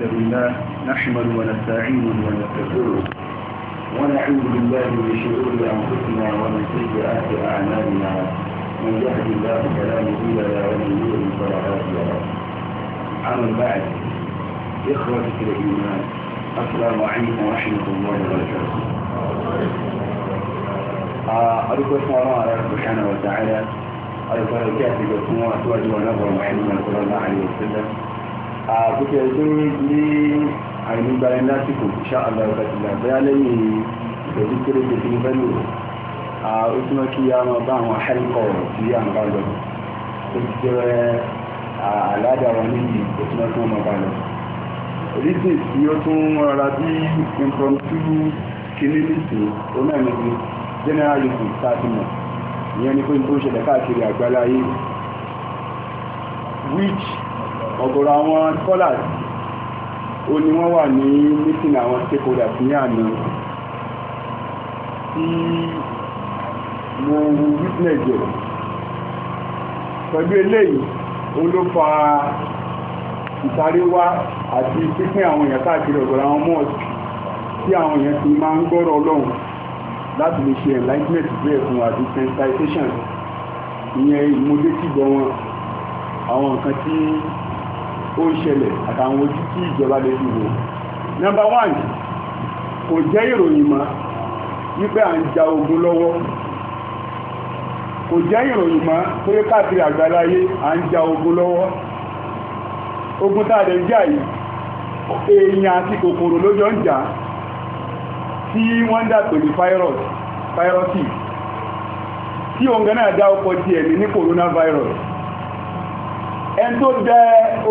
نعوذ لله نحمد ونستعين ونستغفره ونعوذ بالله من شرور انفسنا ومن سيئات اعمالنا من يهد الله فلا مضل له ومن يضلل فلا هادي له اما بعد اخوتي في الايمان السلام عليكم ورحمه الله وبركاته آه، أرجو الله سبحانه وتعالى أرجو الكافي والسماوات وأجوى نظر محمد صلى الله عليه وسلم àbúkẹ́ tó ní àìnígbàrin lásìkò ṣá àlàrùkàtìlà bẹ́yà lẹ́yìn ìgbẹ̀rú kéré tó fi fẹ́ lò ó túnmọ́ kí a máa bá àwọn akẹ́kọ̀ọ́ tí a máa bá lọ tó ti jẹ́ àládà wọn níbi ó túnmọ́ kí wọ́n máa bá lọ. oríṣi tí ó tún rọra bí impromptu kiri nìsí onáìmọ̀tì general yìí a ti mọ̀ ìyẹn ni pé n which ọ̀gọ̀rọ̀ àwọn scholars ó ní wọ́n wà ní meeting àwọn stakeholders ní àná tí mo wu witness jẹ pẹ̀lú eléyìí ó ló fa ìtaríwá àti pínpín àwọn èèyàn káàkiri ọ̀gọ̀rọ̀ àwọn mọ́ọ̀sì tí àwọn èèyàn ti máa ń gbọ́rọ̀ ọlọ́run láti lè ṣe enlightenment bẹ́ẹ̀ fún wa desensitization ìyẹn ìmúdétìgbọ́ wọn àwọn nǹkan tí ó ń ṣẹlẹ̀ àtàwọn ojú tí ìjọba lè fi wò nọ́mbà one kò jẹ́ ìròyìn mọ́ wípé à ń ja ogun lọ́wọ́ kò jẹ́ ìròyìn mọ́ pé káàkiri àgbáláyé à ń ja ogun lọ́wọ́ ogun tá a lè jà yìí èèyàn àti kòkòrò lójọ ń jà tí wọ́n ń dà pẹ̀lú fáírọ̀sì tí òǹgẹ́ náà dá ọkọ̀ tiẹ̀ ní coronavirus ẹni tó dẹ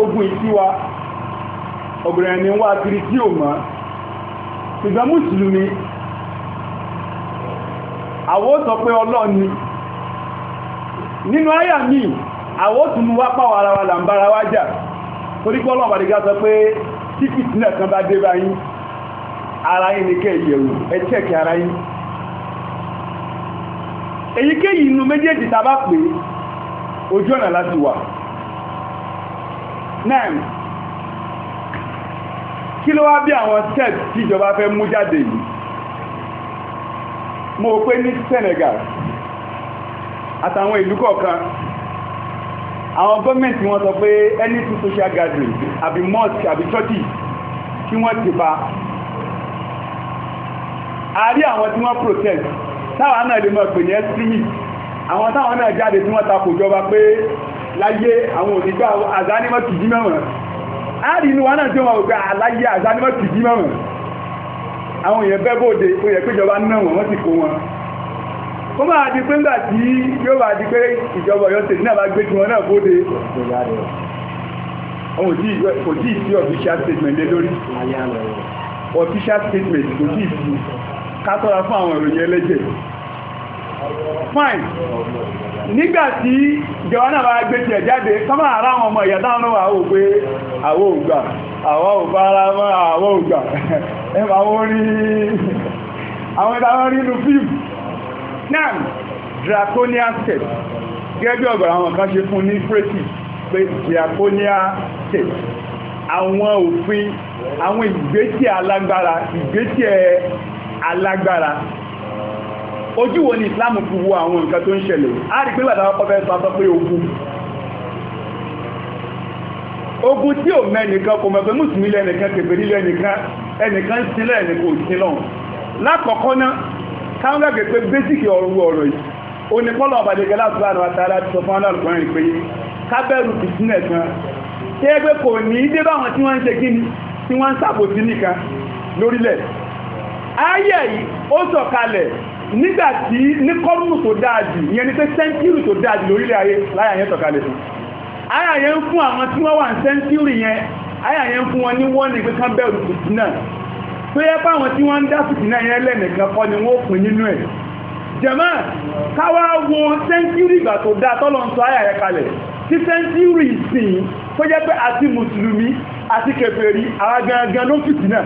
ogun ìtiwa ọ̀gbẹ̀rẹ̀ ni wá kiri tí ò mọ́ ṣùgbọ́n mùsùlùmí àwọ́ sọ pé ọlọ́ni nínú àyà mi àwọ́ tún mú wá pàwọ̀ ara wa làmbára wá jà torí pé sọ pé tí fìtínà kan bá dé bá ara yín ní kẹ́ ìyẹ̀wò ẹ ara yín èyíkéyìí inú méjèèjì tá bá pè ojú ọ̀nà láti wà náà kí ló wá bí àwọn step tí ìjọba fẹ́ mú jáde yìí mo pé ní Senegal àtàwọn ìlú kọ̀ọ̀kan àwọn gọ́ọ̀mẹ̀ntì wọ́n sọ pé any two social gathering àbí mosque àbí church kí wọ́n ti pa a rí àwọn tí wọ́n protest táwọn náà lè mọ̀ pè ní extremist àwọn táwọn náà jáde tí wọ́n takò jọba pé àwọn òdígbà àzánímọ̀ tìjí mẹ́wọ̀n àárí inú wa náà tí wọ́n gbà aláyé àzánímọ̀ tìjí mẹ́wọ̀n àwọn èèyàn bẹ́ bóde ó yẹ pé ìjọba náà wọ́n ti kó wọn ó máa di pé ńgbà tí yóò bá di pé ìjọba Ọ̀yọ́ tèmi náà bá gbé tí wọn náà bóde àwọn kò tí ì sí official statement lé lórí official statement kò tí sí ká fún àwọn ìròyìn ẹlẹ́jẹ̀ fine nígbàtí ìjọba náà bá gbé ti ẹ̀ jáde sọ́mọ́ ara àwọn ọmọ ìyàtà ọ̀nà àwọ̀ ògbé àwọ̀ ògbà àwọ̀ òbára mọ́ àwọ̀ ògbà ẹmà wọ́n rí àwọn ìdáwọn rí inú fíìmù náà draconian state gẹ́gẹ́ bí àwọn kan ṣe fún ní frétì pé draconian state àwọn òfin àwọn ìgbésẹ̀ alágbára ìgbésẹ̀ alágbára ojú wo ni islam fi wo àwọn nǹkan tó ń ṣẹlẹ̀ a rí pé bàtà ọkọ̀ fẹ́ sọ pé ogun ogun tí ò mẹ́nìkan kò mọ̀ pé mùsùlùmí lẹ́nìkan kèfè nílé ẹnìkan ẹnìkan sílẹ̀ ẹnìkan ò sí lọ́hùn lákọ̀ọ́kọ́ náà káwọn gbàgbé pé bẹ́sìkì ọ̀rọ̀ ọ̀rọ̀ yìí ó ní pọ́lọ̀ ọ̀bàdégẹ́ láti láàrín àtàrà ti sọ fún aláàrùn pé kábẹ́rù fìtínẹ̀ kan tí ẹgbẹ́ kò ní dé báwọn tí wọ́n ń ṣe kíni tí wọ́n ń lórílẹ̀ ayé yìí ó sọ̀kalẹ̀ nígbàtí ní kọ́rùnù tó dáadì yẹn ni pé sẹ́ńtírì tó dáadì lórílẹ̀ ayé láyà yẹn tọ̀kalẹ̀ fún ayà yẹn ń fún àwọn tí wọ́n wà ní sẹ́ńtírì yẹn ayà yẹn ń fún wọn ní wọ́n ní pé kán bẹ̀rù fìtínà tó yẹ fáwọn tí wọ́n ń dá fìtínà yẹn lẹ́nìkan kọ́ ni wọ́n pín nínú ẹ̀ jẹ̀mọ́ káwá wo sẹ́ńtírì ìgbà tó dáa tọ́lọ́ ń sọ ayà yẹn kalẹ̀ tí sẹ́ńtírì ìsìn tó jẹ́ pé àti mùsùlùmí àti kèfèrí àwọn gangan ló fìtínà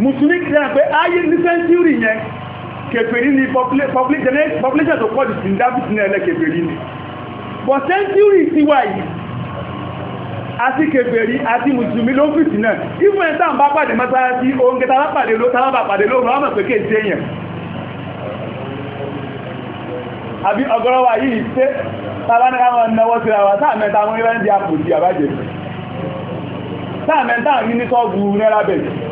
mùsùlùmí ti rẹ̀ pé ayé ní sẹ́ńtúrì yẹn kèfèrí ni population tó pọ̀ jù sí dábì sí ẹlẹ́ kèfèrí ni bọ̀ sẹ́ńtúrì ti wà yìí àti kèfèrí àti mùsùlùmí ló fìtì náà ìfún ẹ̀ta ń bá pàdé mọ́sálásí oúnjẹ tàbá pàdé ló tàbá pàdé ló rán mọ̀ pé kéèké èèyàn àbí ọgọ́rọ́wà yìí tẹ́ tàbánikáwọn náwọ́ sí ra wa sáàmẹ́ta àwọn ìrẹ́ndì àpòjì àbájẹ̀ sáàmẹ́ta ní ní sọ́ọ̀bù náírà bẹ̀rẹ̀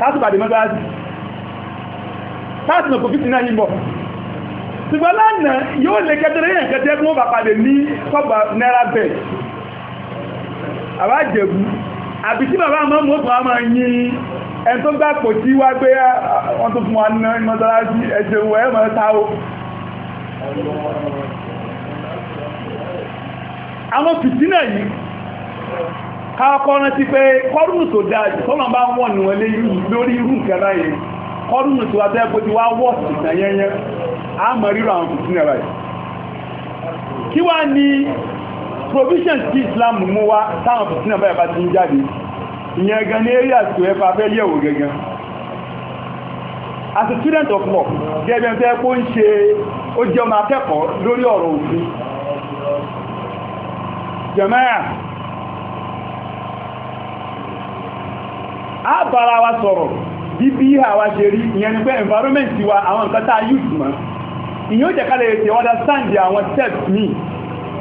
látùpàdé mọ́sálásí láti mọ̀ fífí náà yìnbọ̀ ṣùgbọ́n lánàá yóò lè kẹtẹrẹ yẹn kẹtẹ mú bàpàdé ní kọgbà náírà bẹ̀ àwájẹ̀bú àbí tí bàbá àmọ́ mú ọ̀tún àmọ́ yín ẹni tó gbà pò tí wá gbé wọn tó fún wa ná mọ́sálásí ẹ̀jẹ̀ wọ ẹ̀mọ́ ta o àwọn káàkọ́ rántí pé kọ́rùnù tó dájú tó máa bá wọ́n ní wọlé lórí irú ìkẹ́lá yìí kọ́rùnù tó atẹ́kọ́ ti wá wọ́ọ̀sì ìtàyẹnyẹ a mọ̀ ríro àwọn kùtù nẹ̀rọ yìí kí wá ní provisions tí Islam mú wá táwọn kùtù nẹ̀rọ yìí bá ti ń jáde ìyẹn gan ní as a student of law gẹ́gẹ́ tẹ́ kó ń ṣe ó jẹ́ ọmọ a bára wa sọ̀rọ̀ bíbí àwa ṣe rí ìyẹn ni pé environment wa àwọn nǹkan tá a use ìyẹn ó jẹ́ ká lè ṣe àwọn steps mi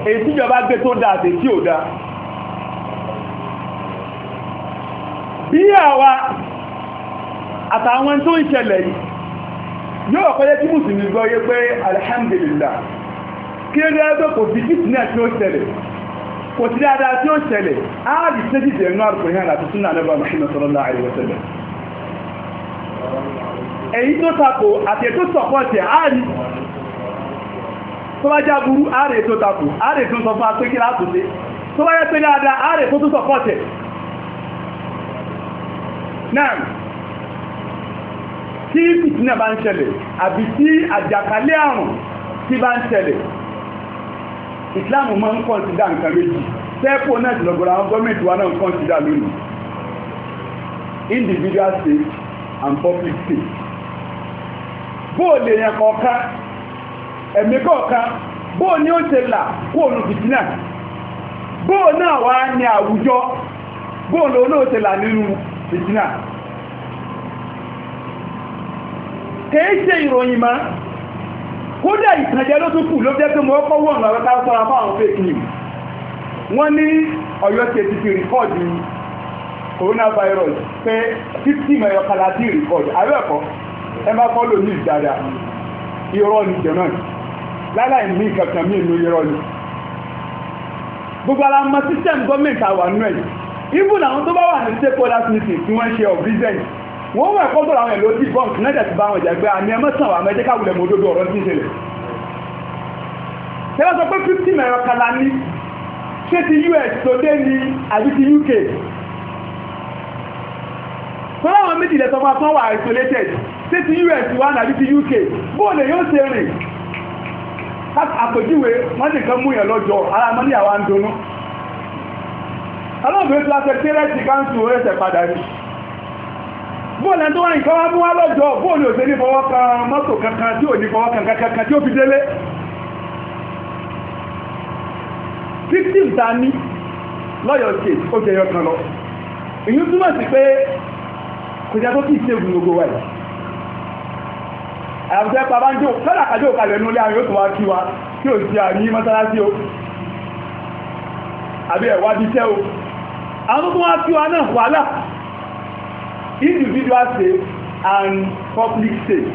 èyí tíjọba gbé tó dáa àti tí ò dáa bí àtàwọn tó ń ṣẹlẹ̀ yóò tí mùsùlùmí gbọ́ yé pé alhamdulillah kí kò sí dáadáa tí ó ṣẹlẹ̀ á rí tẹ́jì ìrìnà alùpùrìhàn àti súnà nẹ́bà Muhammad sallallahu alaihi wa sallam èyí tó tako àti ètò sọ̀pọ̀tì àárí tó bá jáburú àárẹ̀ tó tako àárẹ̀ tó sọ fún apékí látòlé tó bá yẹ́ pé dáadáa àárẹ̀ tó tó sọ̀pọ̀tì náà tí ìpìtì náà bá ń ṣẹlẹ̀ àbí tí àjàkálẹ̀ àrùn tí bá ń ṣẹlẹ̀ Islam máa ń kọ́nsídà nǹkan méjì sẹ́pù náà jùlọ̀gọ̀rọ̀ àwọn gọ́ọ̀mẹ̀ntì wa náà ń kọ́nsídà lónìí individual state and public state bóòlù èèyàn kọ̀ọ̀kan ẹ̀mí kọ̀ọ̀kan bóòlù ni ó ṣe là kóòlù fìtínà bóòlù náà wá ní àwùjọ bóòlù olóòṣè là nínú fìtínà kèé ṣe ìròyìn máa kódà ìtànjẹ ló tún kù ló jẹ́ pé mo kọ́ wọ̀n lọ́rọ́ ká sọ́ra fún àwọn fake news ní coronavirus pé fifty mẹ́yọ ẹ̀ ibùdó àwọn tó bá wà ní stakeholders meeting tí wọ́n ṣe of business wọ́n wọ́n ẹ̀kọ́ tọ́rọ àwọn èlò tí bọ́ǹk náà ti bá wọn jẹ́ pé àmì ẹmọ́sàn wà mẹ́jẹ́ káwulẹ̀ mọ́ òdodo ọ̀rọ̀ tí ń ṣẹlẹ̀ tẹ́lá sọ pé 50 mẹ́rọ kala ní ṣé ti US tó dé ní àbí ti UK tó láwọn méjì lẹ́sọ máa tán wà isolated ṣé ti US wà ní àbí ti UK bóòlè yóò ṣe rìn àpèjúwe wọ́n ti kan múyàn lọ́jọ́ ara mọ́ ní àwọn àndónú aláàbò ètò afẹ́kẹ́rẹ́ ti káńsù rẹ̀ tẹ̀ padà rí bóòlù tó wá nǹkan mú wá lọ́jọ́ bóòlù òṣè ní fọwọ́ kan mọ́tò kankan tí ò ní fọwọ́ kankan tí ó fi délé fifteen ta ní lọ́yọ̀ ṣe ó jẹyọ kan lọ èyí túmọ̀ sí pé kò jẹ́ tó kí ìṣègùn gbogbo wa yìí àyàbùsẹ́ bàbá ń jó kọ́lá àjò kalẹ̀ ní olé àwọn yóò tó wá kí wa kí o sí àrí mọ́sálásí o àbí ẹ̀wà bí iṣẹ́ o àwọn tó wá kí wa náà wà láà individual safe and public safe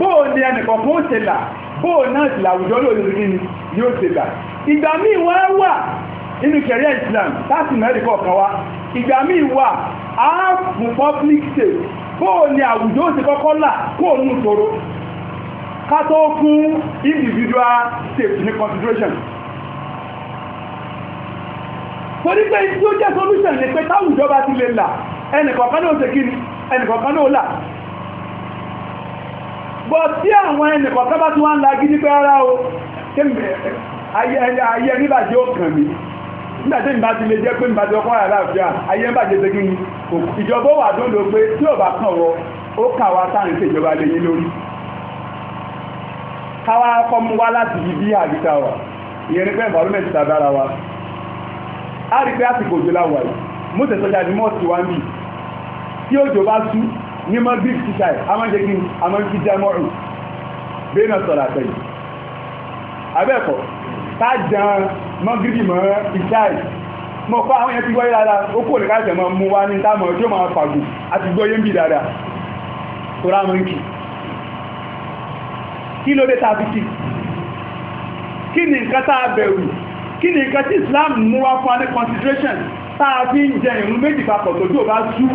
bóò ní ẹnìkan kó ṣe là bóò náà sì làwùjọ lóòrùn ní yóò ṣe gbà ìgbà míì wọ́n wà nínú kẹ̀rí Islam láti mẹ́rin kọ̀ọ̀kan wa ìgbà míì wà á fún public safe bóò ní àwùjọ ó ti kọ́kọ́ là kó nù tóró ká tó fún individual safe ní consideration torí pé tí ó jẹ́ solution ni pé táwùjọ bá ti lè là ẹnìkọ̀ọ̀kan ní òsè kiri ẹnìkọ̀ọ̀kan ní òlà bọ̀ tí àwọn ẹnìkọ̀ọ̀kan bá tún wá ń la gidi pé ara o ayé níbàjẹ́ ó kàn mí nígbàtí ìbá ti lè jẹ́ pé ìbá ti ọkọ̀ àrà àfíà ayé níbàjẹ́ ṣe gíní ìjọba wà tó ń lò pé tí ò bá kàn wọ ó kà wá sáà ń ṣe ìjọba lè yí lórí káwá kọ́ mú wá láti ibi àbíta wa ìyẹn ní pé environment tàbí ara wa a rí pé àsìkò òjò láwàá yìí mọ́sẹ̀ tó jáde mọ́ọ̀sì wá ń bì tí òjò bá sú ní mọ́ bí ṣíṣà ẹ̀ amájẹ́kí amájẹ́kí jámọ́rù bẹ́ẹ̀nà sọ̀rọ̀ àtẹ̀yìn abẹ́ẹ̀kọ́ tá jẹun mọ́ gírí mọ́ ìṣà ẹ̀ mọ́ kọ́ àwọn yẹn ti gbọ́yé dáadáa ó kò lè káṣẹ̀ mọ́ mú kí ni nǹkan tí Islam mú wá fún wa ní táa fi ń jẹ ìrún méjì papọ̀ tó tó bá sú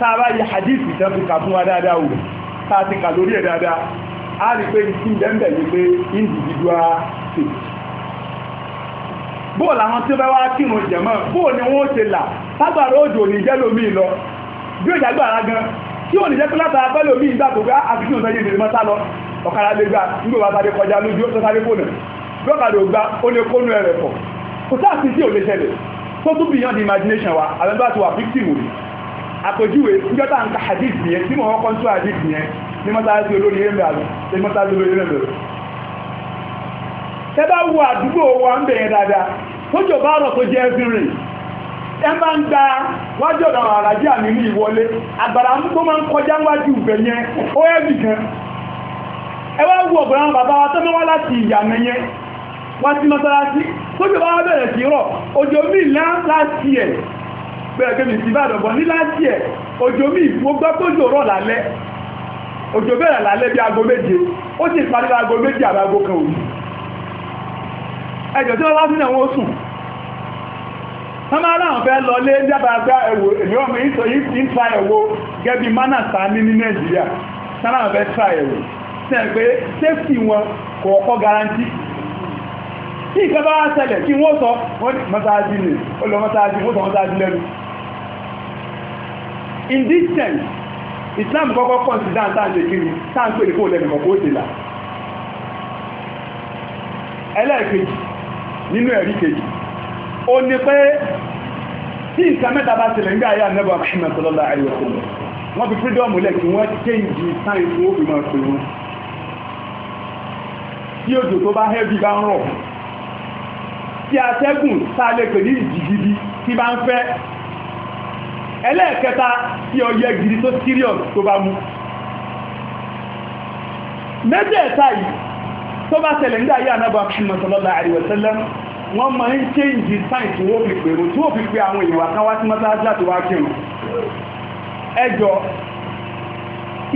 táa bá hadith ìjọ fi kà fún wa dáadáa wò táa ti kà lórí ẹ̀ dáadáa a rí pé ìsí ń bẹ̀m̀bẹ̀ ní pé individual faith bóò làwọn tí ó bá wá kírun jẹ̀mọ́ bóò ni wọ́n ṣe là tágbàrá òjò ní jẹ́ lómi lọ bí ó jàgbàrá gan tí ò ní jẹ́ pé látara pẹ́ lómi ìgbà tó gbá àfikún ìtọ́jú ìdèrè mọ́ta lọ ọ̀kadà lè gbà nígbà bá sáré kọjá lójú ó sáré kónà bí ọ̀kadà ò gbá ó lè kónú ẹ̀rẹ̀ pọ̀ kò sáàfin sí ò lè ṣẹlẹ̀ tó tún beyond imagination wa àbẹ́bá wà victim rí àpèjúwe níjọ́ta ń ka hadith yẹn tí mo kọ́kọ́ tó hadith yẹn ní mọ́sáàsì olórí olórí tẹ́bá wo àdúgbò wa ń bẹ̀yẹn dáadáa tó jọ bá rọ̀ tó jẹ́ ẹ́fìnrin ẹ ń gba wájú ọ̀dọ̀ àràjí àmì ní ìwọlé àgbàrá tó máa ń kọjá wájú ìbẹ̀ yẹn bàbá wa tó mẹ́wàá láti wá sí mọ́sálásí tójú bá bẹ̀rẹ̀ sí rọ̀ òjò mí láti ẹ̀ bẹ̀rẹ̀ kébì sí ìbàdànbọ̀ ní láti ẹ̀ òjò mí mo gbọ́ tójò rọ̀ lálẹ́ òjò bẹ̀rẹ̀ lálẹ́ bí aago méje ó sì parí aago méje àbí aago kan òní ẹjọ̀ tí wọ́n wá sí àwọn oṣù sọ́mọ́rá àwọn fẹ́ lọ lé dábàgbà ẹ̀wò ìrọ́mù ìtòyí ti ń fa ẹ̀wò gẹ́bí mánàtà ní ní Nàìjíríà sọ́mọ́rá àwọn fẹ́ fa ẹ̀wò sẹ́ẹ̀ pé sẹ́fì wọn kọ̀ọ̀kọ́ garanti tí ìkẹba wá ṣẹlẹ̀ kí wọ́n sọ mọ́sáájí ni ó lọ mọ́sáájí wọ́n sọ mọ́sáájí lẹ́nu in this sense Islam kọ́kọ́ consider tàǹtà kiri tàǹtà èdè kó lẹ́nu kọ̀kọ́ òṣèlà ẹlẹ́ẹ̀kejì nínú ẹ̀rí kejì ó ní pé tí nǹkan mẹ́ta bá ṣẹlẹ̀ nígbà ayé ànẹ́bà Muhammad sallallahu alaihi wasallam wọ́n change time fún òfin máa pè wọn tí òjò tó bá heavy bá ń rọ̀ tí atẹ́gùn tá lè pè ní ìjì gidi tí bá ń fẹ́ ẹlẹ́ẹ̀kẹta tí ọyẹ gidi tó serious tó bá mú mẹ́tẹ̀ẹ̀ta yìí tó bá tẹ̀lẹ̀ ní ayé anábọ̀ akṣùnmọ̀ sọlọ́lá àríwẹ̀sẹ́lẹ́ wọ́n máa ń change time tí wọ́n fi pèrò tí wọ́n fi pé àwọn ìwà kan wá sí mọ́sáájá tó wá kírun ẹjọ́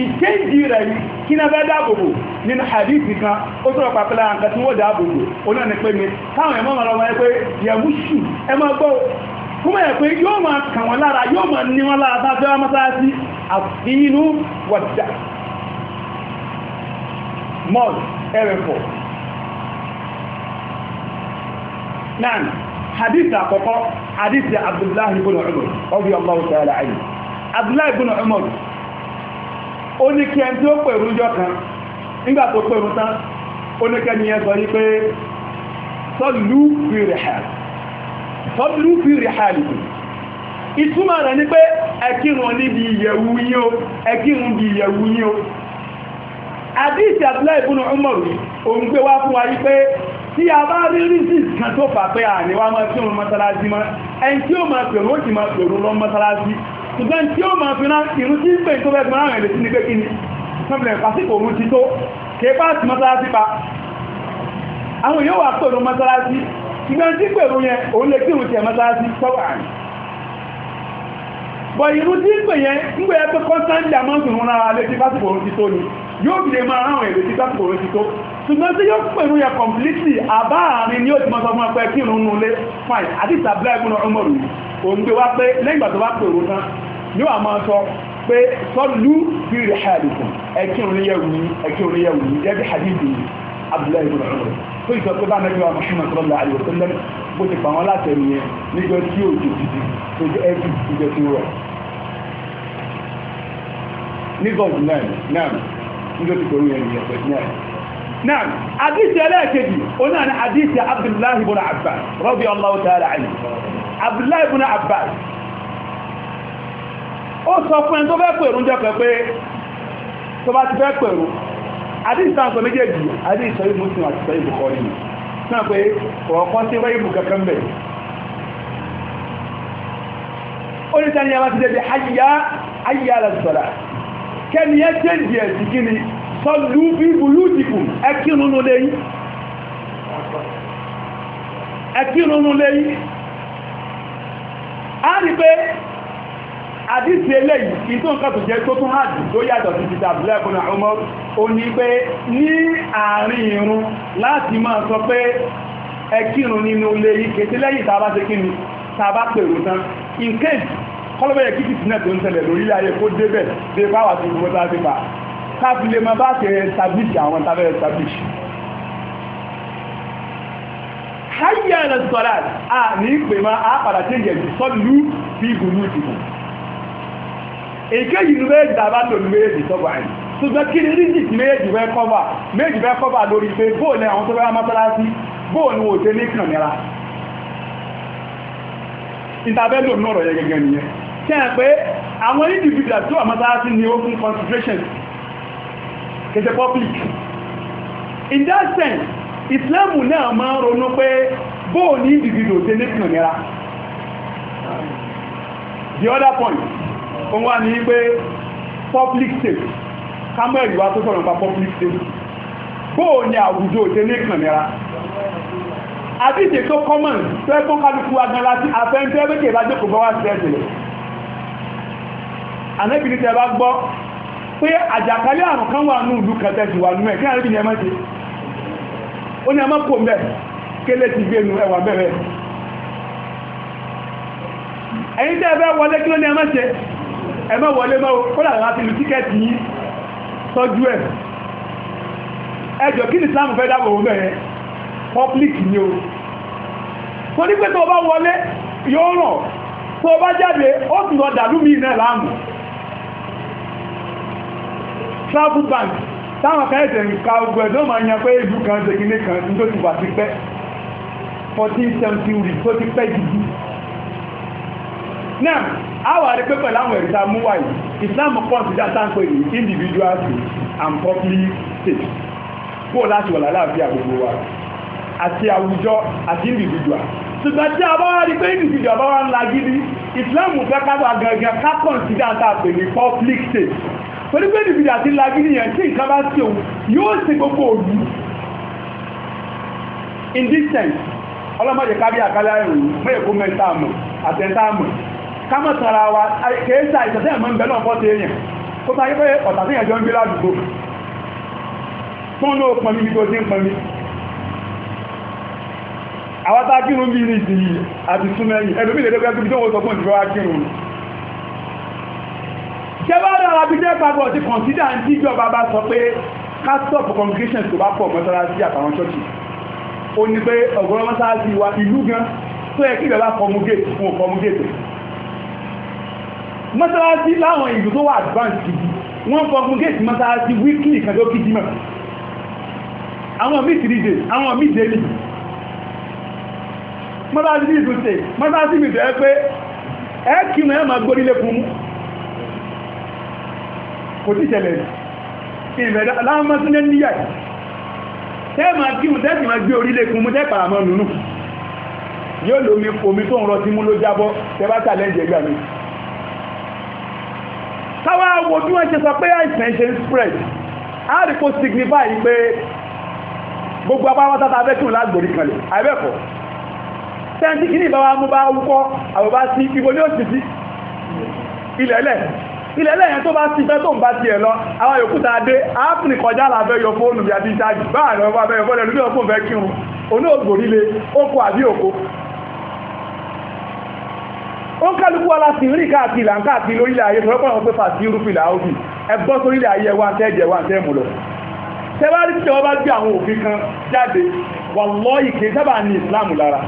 ìkéjì rẹ̀ yìí kí bẹ́ dáàbòbò nínú hadithi kan ó pàpẹ́lá nǹkan tí wọ́n dáàbòbò oná ní pé káwọn ẹ̀mọ́ pé yóò kàn wọ́n lára yóò ní wọ́n lára wọ́n mọ́sáàsì ó ní kí ẹni tí ó pèrú jọ kan nígbà tó pèrú tán ó ní kẹ́ni yẹn sọ wípé sọ́lú fi rẹ̀ hàlì rẹ̀ ni pé ẹkírun yí o ẹkírun bí yí o òun wá fún wa yí pé tí a bá rí rísì kan tó fà pé àníwá mọ́ tí òun mọ́sálásí mọ́ ẹni tí ó mọ́ pẹ̀lú ó ti mọ́ pẹ̀lú lọ ṣùgbọ́n tí ó máa fi rán ìrún tí ń pè tó bẹ́ẹ̀ máa rẹ̀ sí ní pé kíni sọ́bìnrin pàṣípò òun ti tó kèfàásì mọ́sálásí pa àwọn yóò wà pẹ̀lú mọ́sálásí ṣùgbọ́n tí pẹ̀lú yẹn òun lè kírun tẹ̀ mọ́sálásí sọ́wọ́ àrùn bọ̀ ìrún tí ń pè yẹn ń gbé ẹgbẹ́ kọ́ńtáńdì àmọ́sùn rún ara lè ti pàṣípò òun ti tó ni yóò fi lè máa ráwọn èrè tí pàṣípò òun ti tó ṣùgbọ́n tí yóò pẹ̀lú yẹn kọ̀m̀plítì àbá àárín ni ó ti mọ́ sọ fún ọpẹ́ kírun nulẹ̀ fine àti ìtàbílẹ̀ ẹgbùn ọmọ rù òun gbé wá pé lẹ́yìn ìgbà tó bá pè òun tán níwà máa sọ pé sọ́lú bí rẹ̀ hàlùkùn ẹkírun ní yẹ̀wù ní ẹkírun ní yẹ̀wù ní jẹ́bi hadithi abdullahi ibn umar tó ìsọ pé bá nàbí wa muhammad sallallahu alaihi wa sallam bó ti pa wọn láti ẹni yẹn níjọ tí ó ti dìde tó jẹ ẹbí ìjọ tí ó rọ ní gọ́ọ̀dù náà náà níjọ tí kò rí ẹni yẹn pẹ̀lú náà náà àdìsí ẹlẹ́ẹ̀kejì ó náà ní àdìsí abdullahi ibn abbas radiyallahu ta'ala anhu abdullahi ibn abbas ó sọ fún ẹni tó fẹ́ pèrún jọkọ̀ pé tó bá ti fẹ́ pèrún àdíṣàǹsọ méjèèjì àdíṣọ́ ìmúsùn àti sọ ìbùkọ́ nínú náà pé ọ̀ọ̀kan tí wọ́n ìbù kankan bẹ̀ ó ní sani yàrá ti dẹ̀dẹ̀ ayé alàṣọ́lá kẹ́ni yẹ́ jẹ́jì ẹ̀sì kí ni sọ́lú bíbù lúdìkù ẹkírùnú lẹ́yìn ẹkírùnú lẹ́yìn á rí pé àdísì eléyìí kí tó nǹkan tó jẹ́ tó tún hàn tó yàtọ̀ sí títà lẹ́kùn ọmọ o ní pé ní àárín irun láti máa sọ pé ẹkírun nínú ilé yìí tàbá ṣe kíni tàbá pèrò tán in case kọlọ́bẹ̀rẹ̀ kí fìtínà tó ń tẹ̀lẹ̀ lórí ayé kó débẹ̀ dé báwà tó gbogbo tá a ti fà káfílẹ̀ máa bá ṣe establish àwọn tàbẹ̀ establish a ní pè máa a padà tẹ́jẹ̀ sọ́lú ìdìbò èké yìí méjì dábàá lò ní méjì tọ́gbà yìí ṣùgbọ́n kí ni rígìtì méjì fẹ́ kọ́bà méjì fẹ́ kọ́bà lórí pé bóòlù àwọn tó fẹ́ mọ́sálásí bóòlù wò ṣe ní kànmíra ìtàbẹ́ lò nọ̀rọ̀ yẹ gẹ́gẹ́ nìyẹn kí ẹ pé àwọn individual tó wà mọ́sálásí open concentration kẹsẹ̀ public in that sense Islam náà máa ń ronú pé bóòlù individual ṣe ní kànmíra the other point òun wà ní pé public state kámọ́ ìwà tó sọ̀rọ̀ nípa public state bóò ni àwùjọ òjé ní ìkànnìra àdíje tó common tó ẹgbọ́n kálukú agan láti afẹ́ńtẹ́ méjì ìbájọ́ kò bọ́ wá sí ẹ̀sìnlẹ̀ ànẹ́bìnrin tẹ́ bá gbọ́ pé àjàkálẹ̀ àrùn kan wà ní ìlú kẹtẹ́ sí wà nú ẹ̀ kí àrẹ́bìnrin ẹmọ́ ṣe ó ní ẹmọ́ kò mẹ́ kélé ti gbé nu ẹwà bẹ̀rẹ̀ ẹ̀yìn tẹ́ bẹ́ wọlé kí ló ní ẹmọ́ ṣe ẹmọ́ wọlé mọ́wọ́ kọ́lá láti lu tíkẹ́ẹ̀tì yìí tọ́jú ẹ̀ ẹjọ́ kí ní Islam fẹ́ dábò wọ́n bẹ̀rẹ̀ public ni o tó ní pé tó bá wọlé yóò ràn tó bá jáde ó tún lọ dàlú mi náà láàmù travel bank táwọn kẹ́ẹ̀sẹ̀ nǹka ogun ẹ̀dọ́ máa yan pé ìlú kan ṣe kí ní kan tó ti wà ti pẹ́ 14th century tó ti pẹ́ jìdí Now, our rí pẹ́pẹ̀ láwọn ẹ̀rí tá mú wáyé Islam consider sáńpẹ̀ ní individual and public state kó láti wà láàbí àgbogbo wa àti àwùjọ àti individual ṣùgbọ́n tí a bá wá rí pé individual bá wá ń la gidi Islam fẹ́ kápá gangan ká consider sáńpẹ̀ ní public state torí pé individual àti la gidi yẹn tí nǹkan bá ṣe òun yóò ṣe gbogbo òdu in this sense ọlọ́mọdé kábíyà kálá ìròyìn mẹ́ẹ̀kú mẹ́ta àmọ̀ àtẹ́ntà àmọ̀ kámọ̀tara wa kèéṣà ìṣẹ̀ṣẹ́ ìmọ̀ ìbẹ̀ náà fọ́tí èèyàn tó sáyé pé ọ̀tà sí ẹjọ́ ń gbé ládùúgbò tó ní òpin mi tó sí ń pin mi àwọn tá kírun bí ní ìsìn yìí àti súnmẹ́yìn ẹlòmí lè dẹ́gbẹ́ tó wọ́n sọ fún ìjọba kírun ṣe bá dára bí jẹ́ pàgbọ́ ti kọ̀nsídà ń tí ìjọba bá sọ pé castop congregation tó bá pọ̀ mọ́sálásí àtàwọn ṣọ́ọ̀ṣì ó ní pé ọ̀gọ́rọ̀ mọ́sálásí wa ìlú gan tó yẹ kí ìjọba kọmúgé fún ọkọmúgé tẹ̀ mọ́sálásí láwọn ìlú tó wà advance gidi wọ́n fọkún gẹ́ẹ̀sì mọ́sálásí weekly kàjọ kìjìmọ̀ àwọn mí three days àwọn mí daily mọ́sálásí ní ìlú tẹ̀ mọ́sálásí mi tẹ̀ pé ẹ kí mọ́ ẹ máa gbórílé fún mú kò tí ìṣẹ̀lẹ̀ ìrẹ̀dá láwọn mọ́sílẹ̀ níyà tẹ́ máa kí mú tẹ́sì máa gbé orílẹ̀ fún mú tẹ́pàá mọ́ nínú yóò lómi omi tó ń rọ sí mú ló jábọ́ tẹ́bátà lẹ́jẹ̀ gbà mi káwá wo bí wọ́n ṣe sọ pé àìsàn ṣe ń spread á rí kó signify pé gbogbo apáwọ́ta ta fẹ́ tún lágbòrí kan lè àìbẹ́ẹ̀kọ́ tẹ́ntì kí ní ìbáwá mú bá wúkọ́ àwọ̀bá sí ibo ní òsì sí ilẹ̀lẹ̀ ilẹ̀lẹ̀ yẹn tó bá sí fẹ́ tó ń bá ti ẹ̀ lọ àwọn yòókúta dé áàpùnì kọjá làbẹ́ yọ fóònù bí i àti ìjáàjì báà lọ́wọ́ abẹ́yọ fóònù ẹ̀lú bí wọ́n fóònù fẹ́ kírun onóògbòríle ó kọ àbí ó ń kálukú aláti rí káàkiri là ń káàkiri lórílẹ̀ ayé tọ́lọ́pọ̀ àwọn pépà sí irúfìlà áwùjì ẹgbọ́ sórílẹ̀ ayé wa tẹ́ jẹ wa tẹ́ mú lọ tẹ́bá rí tẹ́wọ́ bá gbé àwọn òfin kan jáde wà lọ́yì kìí sábà ní ìsìláàmù lára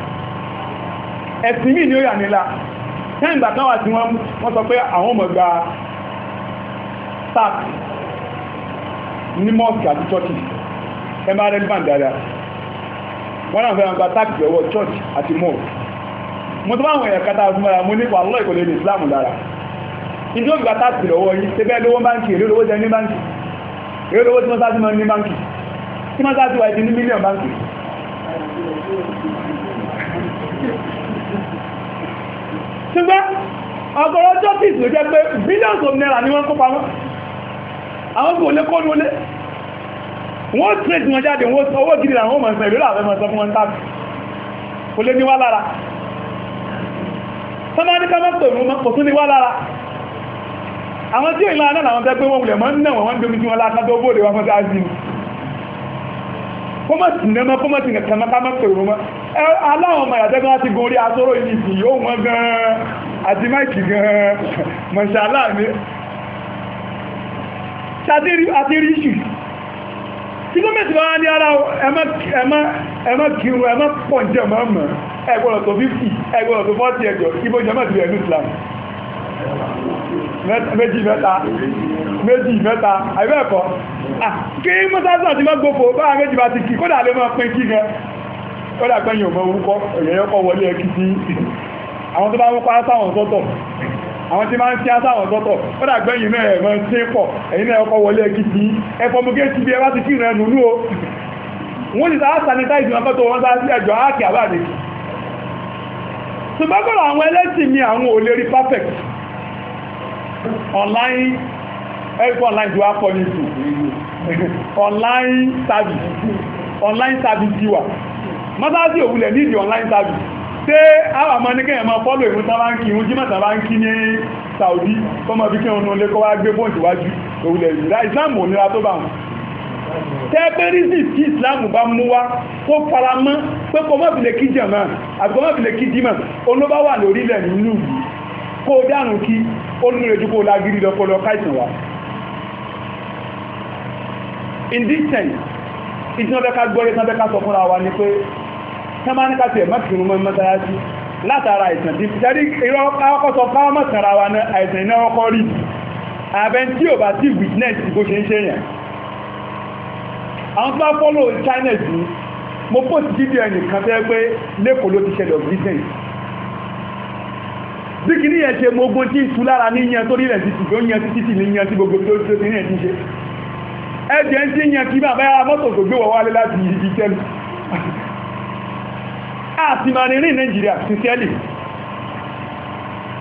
ẹ̀sìn mí ni ó yà nílá tẹ́ǹgbà táwà tí wọ́n sọ pé àwọn ọmọ gba sáàkì ní mọ́ọ̀kì àti chọ́ọ̀kì ẹ máa rẹ́lífàn dáadáa wọ́n náà fẹ́ràn gba sáàkì ọwọ́ chọ́ọ̀kì àti mọ́ọ̀kì mo tó báwọn èèyàn kátà fún mara mo ní wà lọ́ọ̀ ìkòlè Islam dára ní tí ó gbà táàtì lọ́wọ́ yìí ṣe bẹ́ẹ̀ lówó báńkì èrè olówó jẹ ní báńkì èrè olówó tí wọ́n sáà ti mọ́ ní báńkì tí wọ́n sáà ti wà ìdí ní mílíọ̀n báńkì ṣùgbọ́n ọgọ́rọ̀ justice ló jẹ́ pé billions of naira ni wọ́n kó pamọ́ àwọn kò lè kó lólé wọ́n trade wọn jáde owó gidi làwọn ọmọ ìsìn ìlú làwọn ọmọ ìsìn fún wọn tàbí kò lè níwá lára sọmọ́díká mọ́pẹ̀rún kò tún ní wá lára àwọn tí ìlànà náà àwọn tẹ́gbẹ́ wọn wùlẹ̀ mọ́ náà wọ́n gbẹ̀mí tí wọ́n lákàtọ̀ owó rẹ̀ wọ́n fẹ́ sáájú kọ́mọ̀tì nẹ́mọ́ kọ́mọ̀tì nẹ́kànmọ́ká mọ́pẹ̀rún mọ́ aláwọn ọmọ ìyàtẹ́gbẹ́ láti gorí asọ́rọ̀ yìí sì yóò wọ́n gan-an àti máìkì gan-an mọ̀ṣálà ní ṣàtíríṣù kí ló mẹ́sì wá ní ara ẹmọ́ kírun ẹmọ́ pọ̀ jẹ́ mọ́ mọ́ ẹgbọ́rọ̀ tó 50 ẹgbọ́rọ̀ tó 40 ẹjọ́ ibo jẹmọ́ ti ẹ̀lú Islam méjì mẹ́ta méjì mẹ́ta àìbẹ́ẹ̀kọ́ kí mọ́sásán ti mọ́gbòfò bá méjì bá ti kí kódà lè mọ́ pín kí gan kódà pẹ́yìn ò mọ́ orúkọ ẹ̀yẹ́yọ́kọ́ wọlé ẹkí sí àwọn tó bá mú pa sáwọn sọ́tọ̀ àwọn tí máa ń tí á sáwọn sọ́tọ̀ ó dàgbẹ́yìn náà ẹ̀mọ́ tí ń pọ̀ ẹ̀yìn náà ọkọ̀ wọlé ẹkí tí ẹfọmugé ti bí ẹwà ti kí ìrìn ẹnu ní o wọ́n ti sáà sanitize wọn kọ́ tó wọ́n sáà sí ẹjọ́ áàkì àbáàdì ṣùgbọ́gbọ́rọ̀ àwọn ẹlẹ́sìn mi àwọn ò lè rí perfect online ẹgbẹ́ online tó wá pọ̀ ní online service online service viewer mọ́sáàsì òwúlẹ̀ nídi online service tí àwọn àmọ́ ní kẹ́yàn máa fọ́lọ̀ ìwọ̀n tàbá ń kí ìwọ̀n jímọ̀ tàbá ń kí ní Saudi kọ́mọ̀ bí kí wọn lè kọ́ wá gbé bóǹtì wájú òwúlẹ̀ ìrìnlá Islam ò nira tó bá wọn tẹ́gbẹ́rìsì tí islam bá mú wá tó fara mọ́ pé kọ́ mọ́bìlẹ̀ kí jẹ̀mọ́ àbí kọ́ mọ́bìlẹ̀ kí dímọ̀ olóbá wà lórílẹ̀ nínú kó dànù kí ó kó lágírí lọ́pọ̀lọ́ káìsàn wá in this sense ìtìnàbẹ́ká gbọ́rẹ́ tánbẹ́ká sọ fúnra wa ni pé tánbáníkà tẹ̀ mọ́kìrún mọ́ mọ́sálásí látara àìsàn tí ò bá tí witness bó ṣe ń ṣe yẹn àwọn tó bá fọ́lọ̀ China jù mo post video ẹnìkan tẹ́ pé lẹ́kọ̀ọ́ ló ti ṣẹlẹ̀ business bí kì ní ẹ̀ ṣe mogun tí ìtú lára ní yẹn tó nílẹ̀ títì tó yẹn títì tí ní yẹn tí gbogbo tó tó ní ẹ̀ ti ṣe ẹ̀jẹ̀ ń tí yẹn kí bàbá yára mọ́tò tó gbé wọ́n wálé láti ibi tẹ́lú àti máa rìnrìn Nàìjíríà sí sẹ́lì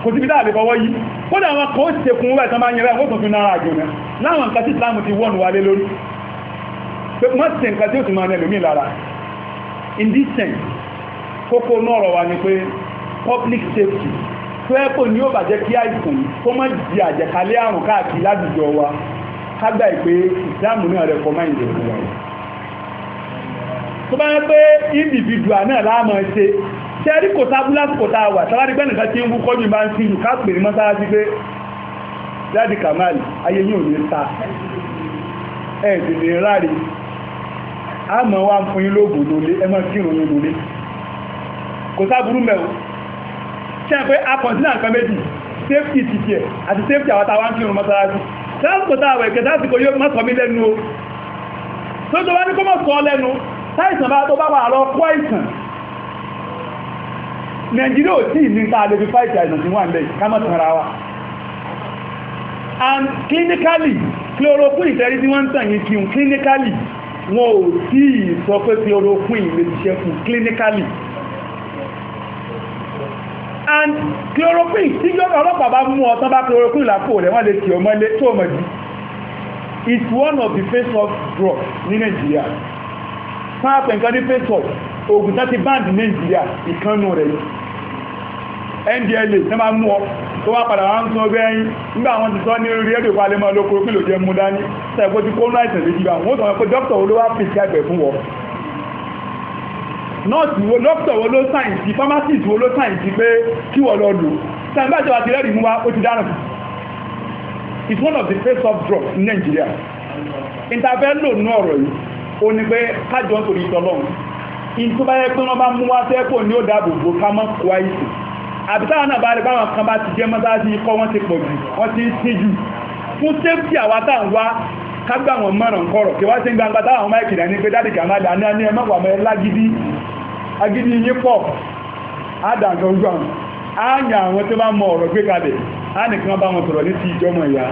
kò síbi dáàbẹ̀ fọwọ́ yìí kódà àwọn kan ó ṣe kún wẹ̀ tán bá yẹn rẹ̀ wọ́n tó fi nára àjò náà láwọn nǹkan tí Islam ti wọ́n wálé lórí pé wọ́n ti nǹkan tí ó tún in this sense kókó náà rọ̀ wá ni public safety tó ẹ́pò ní ó bàjẹ́ kí àìsàn kó má di àjẹ̀kálẹ̀ àrùn káàkiri lábìjọ wa kágbà ìpé ìdáàmù náà rẹ̀ fọ́ máa ń dẹ̀rù wa tó bá yẹ pé individual náà láàmọ́ ṣe tẹ́rí kò tábúlásì kò tá a wà sáwárí pẹ́ nìkan tí ń wúkọ́ ní bá a mọ̀ wá fún yín lóògùn lólé ẹ máa kírun yín kò sáàbùrú mẹ́wò ṣe a kọ̀ sí àǹkan safety ti tiẹ̀ àti safety àwọn táwọn kírun mọ́sálásí sáàbùkò táwọn ẹ̀kẹ́ sásìkò yóò má lẹ́nu o and clinically chloroquine tẹ́rí tí wọ́n ń tàn yìí kí un clinically wọn ò tí ì sọ pé fi orokún ìlè ṣe fún clinically and chloroquine tí yọ́nà ọlọ́pàá bá mú ọ̀tọ́ bá chloroquine lápò rẹ̀ wọ́n lè tì ọmọ ilé tó mọ̀ jí it's one of the face of drugs ní Nigeria. sáàpẹ̀ nǹkan ní face of oògùn tàbí band Nàìjíríà ìkànnù rẹ̀ ndla tẹ́ máa mú ọ tó wá padà wá ń sọ bẹ́yìn nígbà wọn ti sọ ní orí rédíò palẹ̀ mọ́ lóko kí jẹ́ mú dání sẹ́kó ti kó náà ìtẹ̀lé jìbà wọ́n sọ pé dókítà wo ló wá fi ìkẹ́gbẹ̀ fún wọ nọ́ọ̀sì wo dókítà wo ló sáyẹ̀nsì pharmacist wo ló sáyẹ̀nsì pé kí wọ́n lọ lò ti rẹ́rìí mú wa ó ti dáràn it's one of the face of drugs in Nigeria intervelo nú ọ̀rọ̀ yìí ó ní pé kájọ́ nítorí ìtọ́lọ́run in tó bá yẹ pé wọ́n bá mú wá sẹ́kò ní ó dáàbò bò ká mọ́ kó àìsàn àbítáwọn náà bá rí báwọn kan bá ti jẹ́ mọ́sáájú ikọ́ wọ́n ti pọ̀ jù wọ́n ti ń sí jù fún sẹ́fì àwátà ń wá kágbà wọn mọ́ràn kọ̀rọ̀ kí wá sí gbangba táwọn ọmọ ìkìlẹ̀ ní pé dáàdì kà máa dání ní ẹmọ́ wàmọ́ lágídí agídí yí pọ̀ àdàgbà ojú àwọn ààyà àwọn tó bá mọ ọ̀rọ̀ gbé kalẹ̀ á nìkan bá wọn sọ̀rọ̀ ní ti ìjọmọ̀ ìyá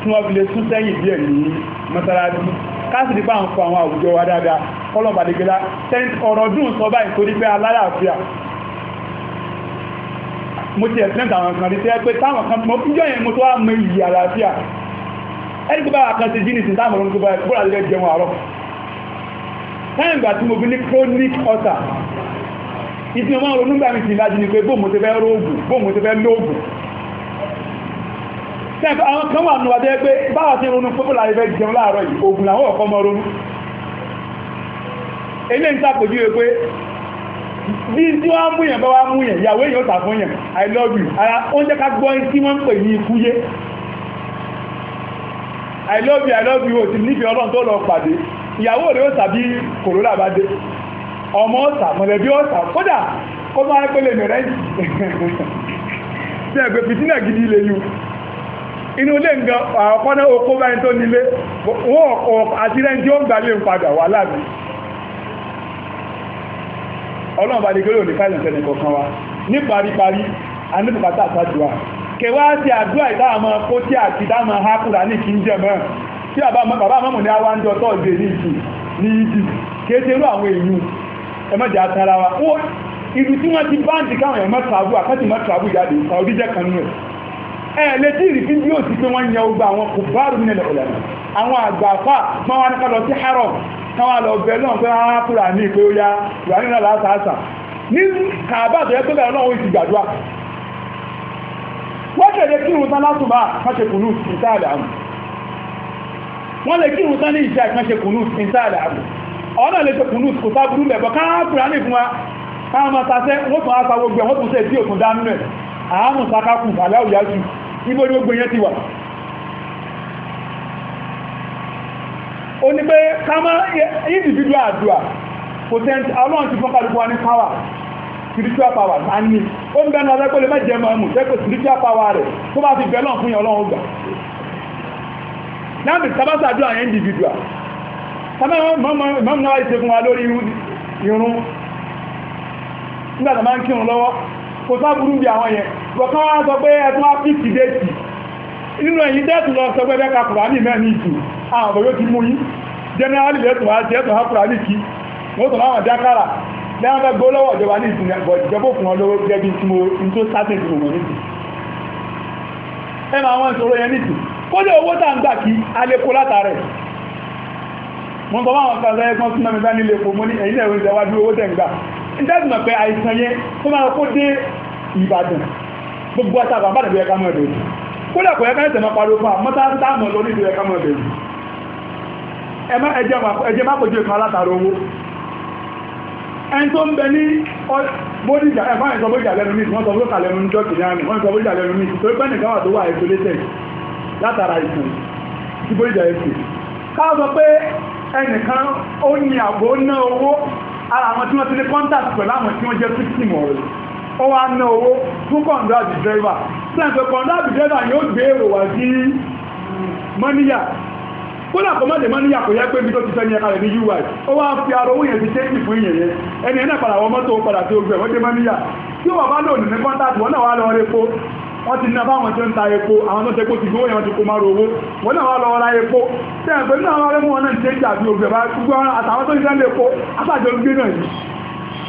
tí wọ́n fi lè sún sẹ́yìn díẹ̀ ní mọ́sálásí káàsì nípa àwọn àwùjọ wa dáadáa kọ́lọ̀ bàdégélá ọ̀rọ̀ dùn sọ báyìí torí pé alálàáfíà mo ti ẹ̀sìn àwọn kan rí tẹ́ pé táwọn kan mọ́ ìjọ yẹn mo tó wá mọ iyì àlàáfíà ẹni tó bá wà kan ti jí nìsín táwọn ọmọ tó bá bóra lè jẹun àárọ̀ táyìn ìgbà tí mo fi ní chronic ulcer ìtì ọmọ ronú gbà mi sì lájú ni pé bóò mo ti fẹ́ róògùn bóò mo ti fẹ́ lóògùn tẹ́ẹ̀kọ́ àwọn kan wà níwájú pé báwa ti ronú púpọ̀ láti fẹ́ jẹun láàárọ̀ yìí ògùn làwọn ọ̀kọ́ mọ́ ronú bí tí wọ́n mú yẹn bá wá mú yẹn ìyàwó èyàn tà yẹn i love you ara oúnjẹ ká gbọ́ tí wọ́n ń pè ní ikú yé i love you i love you òsì nífẹ̀ẹ́ ọlọ́run tó lọ pàdé ìyàwó rẹ̀ ó tàbí kòrólà bá dé ọmọ ọ̀sà mọ̀lẹ́bí ọ̀sà kódà kó máa pélé mẹ́rẹ́ inú ilé nǹkan àwọn okó báyìí tó nílé wọ́n àti rẹ̀ ó ń gbà ń padà wà láàrin ọlọ́run bá lè gbé òní fáìlì ìṣẹ̀lẹ̀ kọ̀ọ̀kan wa ní paríparí a ní bùkátà àtàdùà kẹwàá ti àdúrà ìdáàmọ́ kó tí àti dáàmọ́ hákùrà ní kí ń jẹ mọ́ tí bàbá mọ́mù ní àwọn àjọ tọ́ọ̀dé ní ìjì ní ìjì kéèkéèrú àwọn èèyàn ẹmọ́jà àtàrà wa ó ìlú tí wọ́n ti báǹdì káwọn ẹ̀mọ́ tàbú àkọ́tì mọ́ tàbú ìyáde Saudi jẹ́ kan nù ẹ̀ ẹ̀ lè tí ìrìfín bí ó ti pé wọ́n yan ogbà àwọn kò bá rú nílẹ̀ ọ̀lẹ́nà àwọn àgbà àfà máa wá ní ká lọ sí haram káwà lọ bẹ náà pé á kúrà ní ìpé ó yá ìwà nínú àlàáta ní kàbá tó yẹ pé bẹ̀rẹ̀ náà ó ti gbàdúrà wọ́n tẹ̀lé kírun tán látùmá kánṣe kùnú ìsáàlẹ̀ àmù wọ́n lè kírun tán ní ìjà kánṣe kùnú ìsáàlẹ̀ àmù ọ̀nà lè ṣe kùnú kò sáburú mẹ́bọ̀ káàkùrà ní ìfún wa káà máa tàṣẹ́ wọ́n tún aṣàwọ̀ gbẹ̀ wọ́n tún tẹ̀ sí òkun dánú rẹ̀ àámù sakákù àláwùyá jù ibo ni ó gbẹ̀yẹn ti wà ó ní pé individual àdúrà potent ọlọ́run ti fọ́nkàlùkù wa ní power spiritual power And me, ó ń bẹ́nu ọlọ́pẹ́ lè mẹ́jẹ mọ́ ẹmù tẹ́kọ̀ spiritual power rẹ̀ tó bá fi bẹ́lọ̀ fún ọlọ́run gbà láàmì sábàtà àdúrà yẹn individual sábà mọ́mọ́ ìṣẹ́gun wa lórí irun nígbàtà máa ń kírun lọ́wọ́ kò sáà burú bí àwọn yẹn bọ̀kan wá sọ pé ẹ̀tún á fi ti dé sí inú ẹ̀yìn tẹ́ẹ̀tù lọ sọ pé bẹ́ka kùránì mẹ́rin ìtù àwọn ọmọ yóò ti mú yín generally lẹ́tù wá sí ẹ̀tùn kùránì kí wọ́n tọ̀ láwọn jákàrà lẹ́wọ́n fẹ́ gbó lọ́wọ́ ìjọba ní ìsìn ẹ̀gbọ́ ìjọba òfin wọn lọ́wọ́ gẹ́gẹ́ tí mo ń tó sáté ti mọ̀ nìtì ẹ máa wọ́n ìṣòro yẹn nìtì ó lé owó kódà kò yẹ ká ẹsẹ̀ máa pariwo fún wa mọ́tà táàmù lórí ìlú ẹ̀ka mọ̀ bẹ̀rù ẹjẹ́ má pèjú ìkan látàrí owó ẹni tó ń bẹ ní bódìjà ẹ̀fọ́n ìsọ bódìjà lẹ́nu ní wọ́n sọ bódìjà lẹ́nu ní jọ́kì ní àmì wọ́n sọ bódìjà lẹ́nu ní ìtorí pẹ́ nìkan wà tó wà isolated látara ìsìn tí bódìjà ẹ̀sìn ká sọ pé ẹnìkan ó ní àgbò ná owó ara àwọn tí wọ́n ti ní contact pẹ̀lú àwọn tí wọ́n jẹ́ fíìmù ọ̀rẹ́ ó wá ná owó fún kọ̀ǹdáàbì dẹ́rẹ́bà sílẹ̀ kọ̀ǹdáàbì dẹ́rẹ́bà yóò gbé èrò wá sí mọ́níyà kódà kò má lè mọ́níyà kò yẹ pé ibi tó ti fẹ́ ní ní ui ó wá fi ara owó yẹn ti tẹ́sì fún ìyẹn yẹn ẹni ẹ̀nà padà wọ́n mọ́tò padà tó gbẹ̀ wọ́n dé mọ́níyà tí wọ́n bá lòdì ní kọ́ńtàkì wọ́n náà wá lọ rẹ́pọ̀ wọ́n ti náà báwọn tí ó ń ta epo àwọn tó ti gbówó yẹn ti kó máa ro owó wọ́n náà wá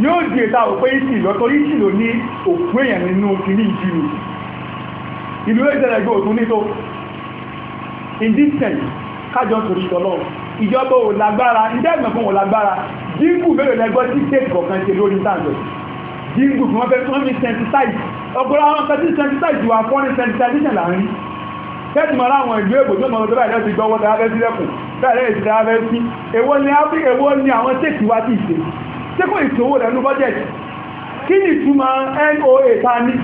yóò di èta òpé ìsì lọ́tọ́ ìsì ló ní òkú èèyàn nínú kìíní ìjìnú ìlú ìṣẹ̀lẹ̀ gbé òtún nító indecent kájọ torí tọ́lọ́ ìjọba ò lágbára ìdẹ́gbẹ̀ fún ò lágbára jíngù bẹ̀rẹ̀ lẹ́gbọ́ tí state kọ̀ọ̀kan ṣe lórí tàǹdọ̀ jíngù fún ọbẹ̀ fún mi sensitize ọgbọ́n àwọn kan tí sensitize wà fọ́nrin sensitization láàrin kẹ́tù mọ́ láwọn ìlú èbò tó mọ̀ tó báyìí lọ́ti gbọ́wọ́ tàbẹ́ sílẹ̀kùn tàbẹ́ ìsìlẹ̀ abẹ́ sí èwo ni àwọn tèkì wá sí ìṣe tí kò ìṣòwò rẹ̀ ní budget kí ni ìtumọ̀ NOA ta ní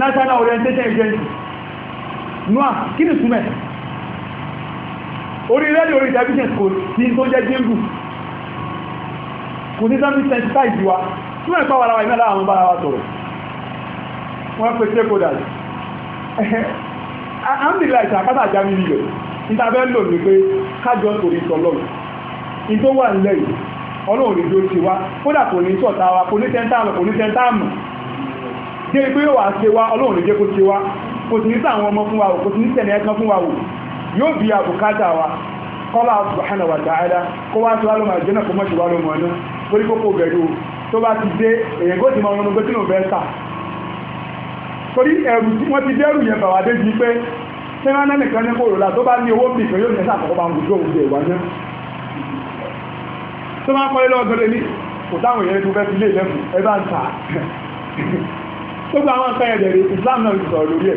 National Orientation Agency noa kí ni ìtumọ̀ orí rẹ́lì orí television kò sí tó jẹ́ jíngù kò ní sọ́mí sensitize wa tí wọ́n ń pàwàrà wà ìmẹ́lá àwọn bára wa sọ̀rọ̀ wọ́n pè stakeholders àmìlà ìṣàkátà àjámi ilẹ̀ ìtàbẹ́ lò ní pé kájọ́ torí sọ lọ́rùn ìtó wà nílẹ̀ yìí ọlọ́run lè dúró sí wa kódà kò ní sọ̀tà wa kò ní tẹ́ntàmù kò ní tẹ́ntàmù dé pé yóò wá ṣe wa ọlọ́run lè jẹ́ kó ṣe wa kò sí ní sàwọn ọmọ fún wa kò sí ní sẹ̀lẹ̀ ẹ̀kan fún wa yóò bí àbùkátà wa kọ́lá subhanahu wa ta'ala kó wá ṣíwá lọ́mọ àjẹ́nà kó mọ́ ṣíwá lọ́mọ ọ̀nà tó máa kọ́ ilé ọ̀gọ́rẹ́ ní kò táwọn èèyàn tó fẹ́ fi lè lẹ́kùn ẹbá ń ta tó gba àwọn akẹ́yẹ̀ bẹ̀rẹ̀ Islam náà sọ̀rọ̀ lórí ẹ̀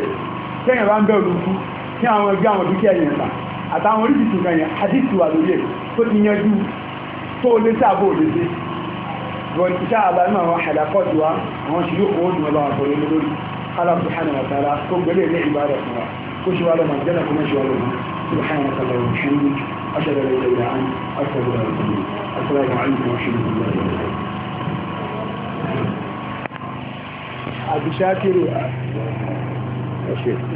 kẹ́yìn bá ń bẹ̀rù fún kí àwọn ẹgbẹ́ àwọn dúkìá yẹn ta àtàwọn oríṣiríṣi nǹkan yẹn àdìsí wà lórí ẹ̀ tó ti yanjú tó lé sí àbò lè dé wọn ti sáà bá àwọn àdàkọ́ ti wá àwọn ṣìlú أشهد أن لا إله إلا أنت أستغفرك وأتوب إليك السلام عليكم ورحمة الله وبركاته أبي شاكر أه. يا شيخ